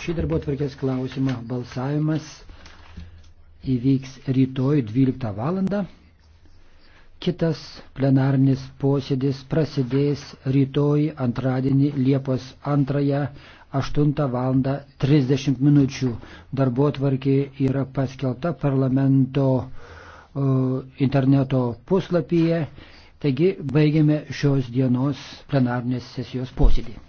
Šį darbo atvarkės klausimą balsavimas įvyks rytoj 12 val. Kitas plenarnis posėdis prasidės rytoj antradienį Liepos 2 8 val. 30 minučių. Darbo atvarkė yra paskelbta parlamento uh, interneto puslapyje. Taigi baigiame šios dienos plenarnės sesijos posėdį.